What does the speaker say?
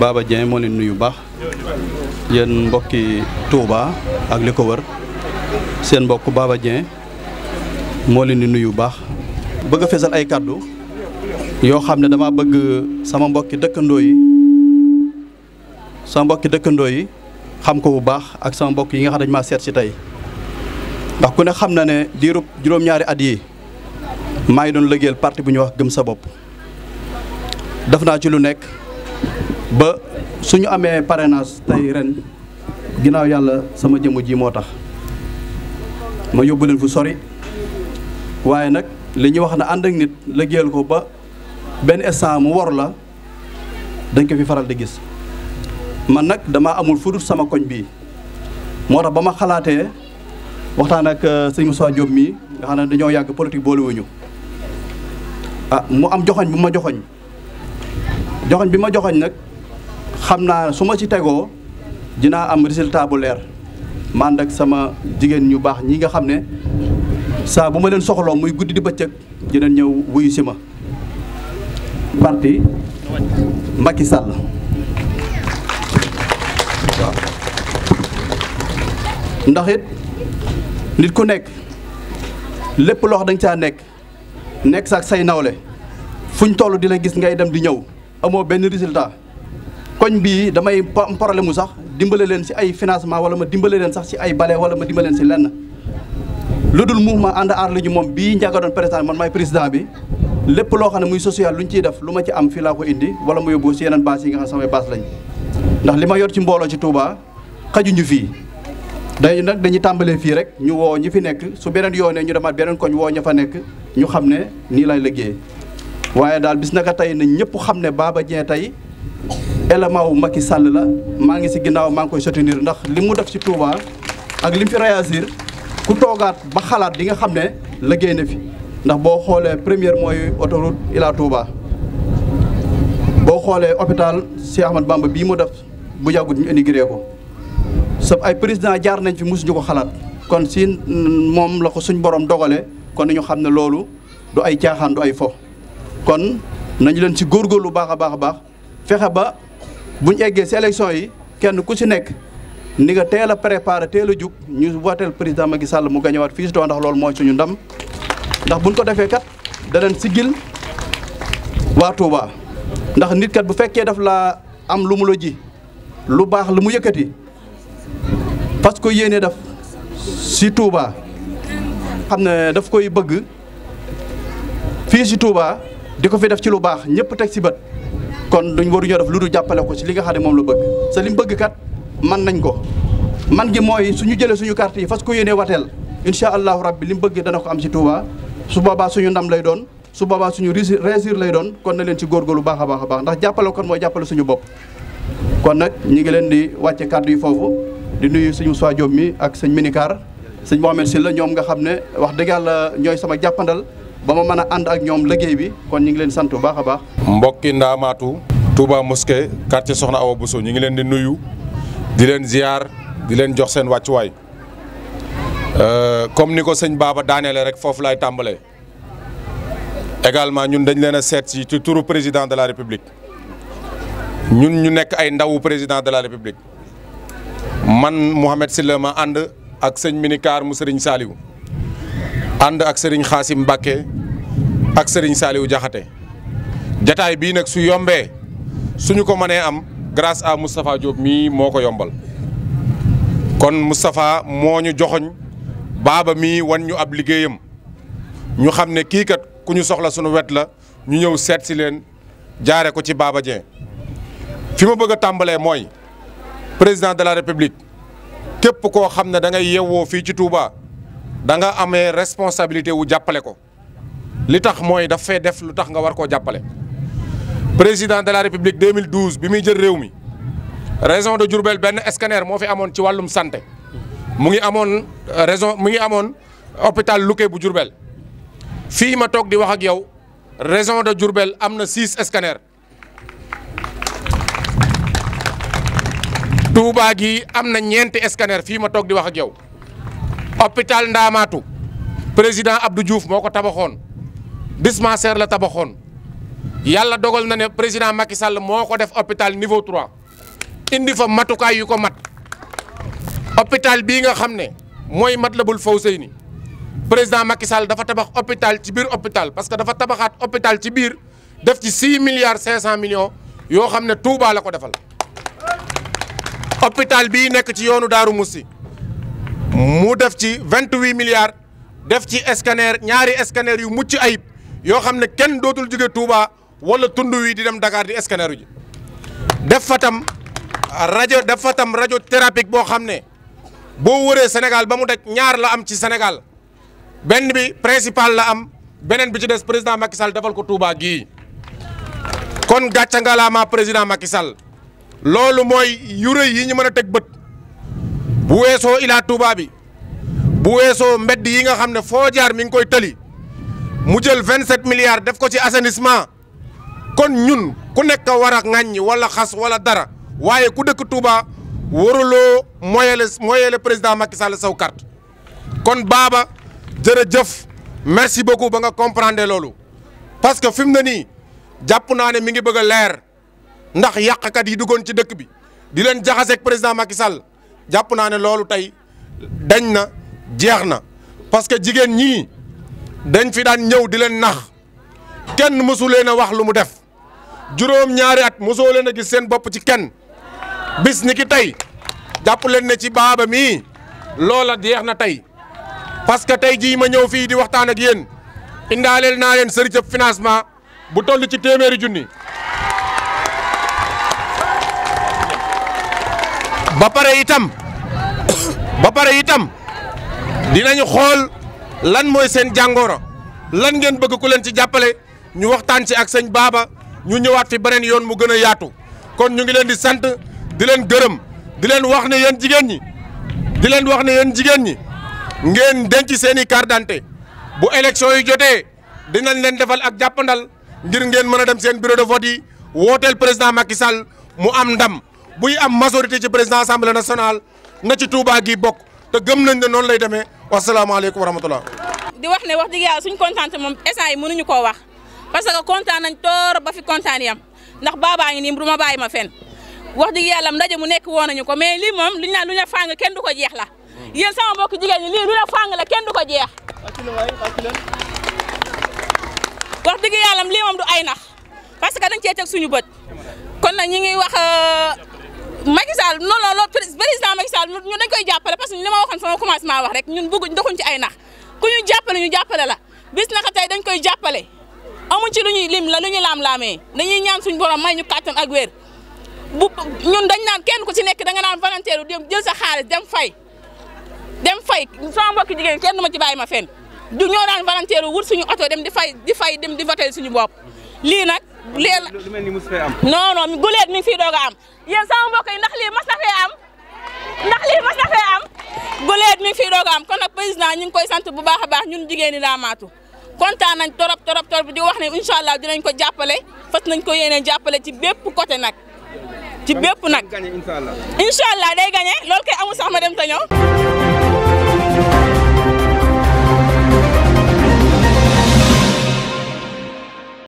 Baba Dieng moo leen nuyu baax yéen mbokki Touba ak li ko wër seen mbokk Baba Dieng moo leen di nuyu baax bëgg a fesal ay kàddu yoo xam ne dama bëgg sama mbokki dëkkandoo yi sama mbokki dëkkandoo yi xam ko bu baax ak sama mbokk yi nga xam dañ maa seet si tey ndax ku ne xam na ne diirub juróom-ñaari at yi maa ngi doon liggéeyal parti bu ñuy wax gëm sa bopp def naa ci lu nekk ba suñu amee parrainage tey ren ginnaaw yàlla sama jëmm ji moo tax ma yóbbu fu sori waaye nag lañuy wax ne ànd ak nit liggéeyal ko ba benn instant mu war la dañ ko fi faral di gis man nag dama amul fudut sama koñ bi moo tax ba ma xalaatee waxtaan ak euh, sëñ Moussa Diop mii nga xam ne dañoo yàgg politique boolewuñu ah mu am joxoñ bu ma joxoñ joxoñ bi ma joxoñ nag xam naa su ma ci tegoo dinaa am résultat bu leer ma ànd ak sama jigéen ñu baax ñi nga xam ne saa bu ma leen soxloo muy guddi di bëccëg dinañ ñëw wuyu si ma parti Macky Sall waaw ndax nit ku nekk lépp loo xam da caa nekk nekk saa say nawle fuñ toll di la gis ngay dem di ñëw amoo benn résultat koñ bii damay am problème mu sax dimbale leen si ay financement wala ma dimbale leen sax si ay bale wala ma dimbale leen si lenn lu dul mouvement ànd aar li ñu moom bii Ndiaga doon président man maay président bi lépp loo xam ne muy social lu ñu ciy def lu ma ci am fii laa ko indi wala mu yóbbu si yeneen base yi nga xam ne ndax li ma yor ci mbooloo ci Touba xajuñu fii dañu nag dañuy tàmbalee fii rek ñu woo ñi fi nekk su beneen yoonee ñu demaat beneen koñ woo ña fa nekk ñu xam ne nii lay léggéey waaye daal bis naka tey nañ ñëpp xam ne baaba Dieng tey élément wu Macky Sall la maa ngi si ginnaaw maa ngi koy soutenir ndax li mu def si Touba ak li fi réagir ku toogaat ba xalaat di nga xam ne liggéey na fi ndax boo xoolee première mooy autoroute Ila Touba. boo xoolee hôpital Cheikh Ahmad Bamba bii mu def bu yàggut ñu inauguré ko sa ay président jaar nañ fi mosuñu ko xalaat kon si moom la ko suñ borom dogalee kon ñu xam ne loolu du ay caaxaan du ay fo kon nañu leen si góorgóorlu baax a baax a baax fexe ba. bu ñu eggee si élection yi kenn ku si nekk ni nga teel a préparé teel a jug ñu wooteel président Macky Sall mu gañewaat fii si Tivaouane ndax loolu mooy suñu ndam ndax bu buñ ko defee kat si gil waa Touba ndax nit kat bu fekkee daf laa am lu mu la ji lu baax lu mu yëkkati parce que yéene daf si Touba xam ne daf koy bëgg fii si Touba di ko fi def ci lu baax ñëpp teg si bët. kon duñ waruñoo def lu du jàppale ko ci li nga xam ne moom la bëgg sa li mu bëgg kat man nañ ko man gi mooy suñu jëlee suñu carte yi fas ko yéenee wateel incha allahu rabbi li mu bëgg dana ko am si Touba su boobaa suñu ndam lay doon su boobaa suñu réussir lay doon kon na leen ci góorgóorlu baax a baax a baax ndax jàppale kon mooy jàppale suñu bopp kon nag ñu ngi leen di wàcce kàddu yi foofu di nuy suñu Moussa Diop mi ak sëñ Minicar sëñ Mohamed la ñoom nga xam ne wax dëgg yàlla ñooy sama jàppandal ba ma mën a ànd ak ñoom liggéey bi kon ñu ngi leen sant bu baax a baax. mbokki ndaamaatu Touba Mosquée quartier Soxna Awa Bousso ñu ngi leen di nuyu di leen ziar di leen jox seen wàccuwaay euh, comme ni ko sëñ baaba daaneele rek foofu laay tàmbalee également ñun dañ leen a seet si ci turu président de la république ñun ñu nekk ay ndawu président de la république man Mouhamed Sylla ma ànd ak sëñ Minikaar mu sëriñ Saaliwu ànd ak sëriñ Xaasim Mbàkke ak sëriñ Saaliwu Jaxate jataay bii nag su yombee suñu ko mënee am grace à Moustapha Diop mii moo ko yombal kon Moustapha moo ñu joxoñ baaba mii wan ñu ab liggéeyam ñu xam ne kii kat ku ñu soxla suñu wet la ñu ñëw seet si leen jaare ko ci baaba Dieng fi ma bëgg a tàmbalee mooy président de la république képp koo xam ne dangay ngay fii ci Touba da nga amee responsabilité wu jàppale ko li tax mooy daf fee def lu tax nga war koo jàppale président de la république 2012 bi muy jël réew mi région de Diourbel benn scanner moo fi amoon ci wàllum santé mu ngi amoon euh, région mu ngi amoon hôpital Lukey bu Diourbel fii ma toog di wax ak yow région de Diourbel am na six scanner Touba gi am na ñeenti scanner fii ma toog di wax ak yow. hôpital Ndaamaatu président Abdou Diouf moo ko tabaxoon dispensaire la tabaxoon yàlla dogal na ne président Macky Sall moo ko def hôpital niveau 3 indi fa matukaay yu ko mat hôpital bii nga xam ne mooy mat Matlaboul Fawzeyni président Macky Sall dafa tabax hôpital ci biir hôpital parce que dafa tabaxaat hôpital ci biir def ci 6 milliards 500 millions yoo xam ne Touba la ko defal hôpital bii nekk ci yoonu Daaru Musti mu def ci vingt huit milliards def ci scanner ñaari scanner yu mucc ayib yoo xam ne kenn dootul jóge Touba wala tund wi di dem Dakar di scanner ji def fa rajo def fa rajo thérapique boo xam ne boo wëree Sénégal ba mu daj ñaar la am ci Sénégal benn bi principal la am beneen bi ci des président Macky Sall defal ko Touba gii kon gàcce ngalaama président Macky loolu mooy yu yi ñu mën a teg bët. bu weesoo Ila Touba bi bu weesoo mbedd yi nga xam ne foo jaar mi koy tëli mu jël vingt 27 milliards def ko ci assainissement kon ñun ku nekk war a ŋàññi wala xas wala dara waaye ku dëkk Touba waruloo moyele moyele président Macky Sall saw carte kon baaba jërëjëf merci beaucoup ba nga comprender loolu parce que fi mu ne nii jàpp naa ne mi ngi bëgg a leer ndax yàqkat yi duggoon ci dëkk bi di leen jaxaseeg président Macky Sall jàpp naa ne loolu tey dañ na jeex na parce que jigéen ñii dañ fi daan ñëw di leen nax kenn mësu leen a wax lu mu def juróom-ñaari at mosoo leen a gis seen bopp ci kenn bis ni ki tey jàpp leen ne ci baaba mii loola jeex na tey parce que tey jii ma ñëw fii di waxtaan ak yéen indaaleel naa leen sëricëb financement bu toll ci téeméeri junni ba pare itam ba pare itam dinañu xool lan mooy seen jàngoro lan ngeen bëgg ku leen ci jàppale ñu waxtaan ci ak sëñ baaba ñu ñëwaat fi beneen yoon mu gën a yaatu kon ñu ngi leen di sant di leen gërëm di leen wax na yeen jigéen ñi di leen wax ne jigéen ñi ngeen denc seen i carte bu élection yi jotee dinañ leen defal ak jàppandal ngir ngeen mën a dem seen bureau de vote yi wooteel président Macky Sall mu am ndam buy am majorité ci président assemblée nationale na ci gi bokk te gëm nañ ne noonu lay demee wasalaamaaleykum wa rahmatulah. di wax ne wax dëgg yàlla suñ kontaan moom instant yi mënuñu koo wax parce que kontaan nañ toor ba fi kontaan yam ndax baabaa ngi nii du ma ma fen wax dëgg yàlla ndaje mu nekk woon nañu ko mais lii moom luñ naan lu ñu fàng kenn du ko jeex la yéen sama mbokku jigéen ñi lii la fàng la kenn du ko jeex. wax dëgg yàlla lii moom du ay nax parce que dañ cee suñu bët kon nag ñi wax. Euh, Macky Sall non non loolu président Macky Sall ñun dañ koy jàppale parce que li ma waxoon sama commencement wax rek ñun bëgguñ ci ay nax ku ñu jàppale ñu jàppale la bis naka tey dañ koy jàppale amuñ ci lu ñuy lim la lu ñuy laam-laamee dañuy ñaan suñ borom may ñu kàttan ak wér bu ñun dañ naan kenn ku ci nekk danga naan volontaire dem jël sa xaalis dem fay dem fay sama ki jigéen kenn du ma ci bàyyi ma fenn du ñoo daan volontaire wut suñu oto dem di fay di fay dem di voter suñu bopp lii nag léegi la lu mel ni mosu am. non non guleet mi ngi ndax lii mas na am ndax lii mas na am guleet mi ngi fii a am kon nag président ñu ngi koy sant bu baax a baax ñun jigéen ñi Lamaatou kontaan nañ torop torop torop di wax ne incha allah dinañ ko jàppale fas nañ ko yéeneen jàppale ci bépp côté nag ci bépp nag incha allah day gagné loolu kay sax ma dem ta ñëw.